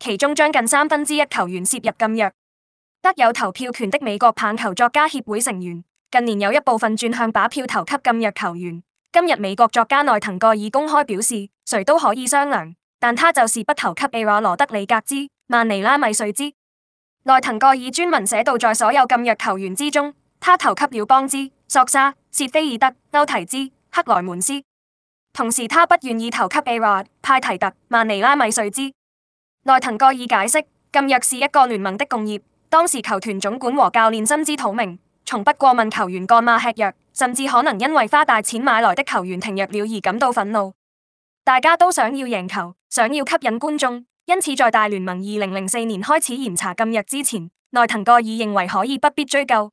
其中將近三分之一球員涉入禁藥，得有投票權的美國棒球作家協會成員，近年有一部分轉向把票投給禁藥球員。今日美國作家奈騰蓋爾公開表示，誰都可以商量，但他就是不投給 A-Rod 羅德里格茲、曼尼拉米瑞茲。奈騰蓋爾專文寫到，在所有禁藥球員之中，他投給了邦茲、索沙、切菲爾德、歐提茲、克萊門斯，同時他不願意投給 A-Rod、派提特、曼尼拉米瑞茲。奈騰蓋爾解釋，禁藥是一個聯盟的共業，當時球團總管和教練心知肚明，從不過問球員幹嘛吃藥，甚至可能因為花大錢買來的球員停藥了而感到憤怒。大家都想要贏球，想要吸引觀眾，因此在大聯盟二零零四年開始嚴查禁藥之前，奈騰蓋爾認為可以不必追究。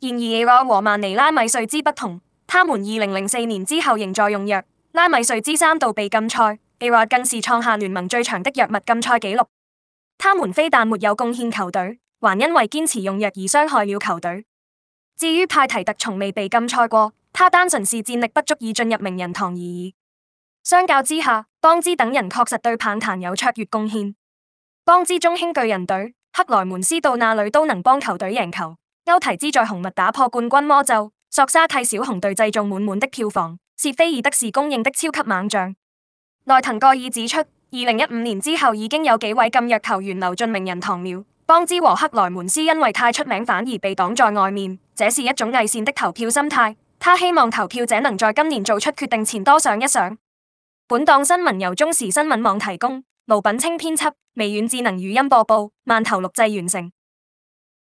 然而 A-Rod 和曼尼拉米瑞茲不同，他們二零零四年之後仍在用藥，拉米瑞茲三度被禁賽。計劃更是創下聯盟最長的藥物禁賽紀錄。他們非但沒有貢獻球隊，還因為堅持用藥而傷害了球隊。至於派提特從未被禁賽過，他單純是戰力不足以進入名人堂而已。相較之下，邦茲等人確實對棒壇有卓越貢獻。邦茲中興巨人隊，克萊門斯到哪裡都能幫球隊贏球。歐提茲在紅襪打破冠軍魔咒，索沙替小熊隊製造滿滿的票房，是非而得是公認的超級猛將。奈騰蓋爾指出，二零一五年之後已經有幾位禁藥球員流進名人堂了，邦茲和克萊門斯因為太出名反而被擋在外面，這是一種偽善的投票心態。他希望投票者能在今年做出決定前多想一想。本檔新聞由中時新聞網提供，盧品清編輯，微軟智能語音播報，曼頭錄製完成。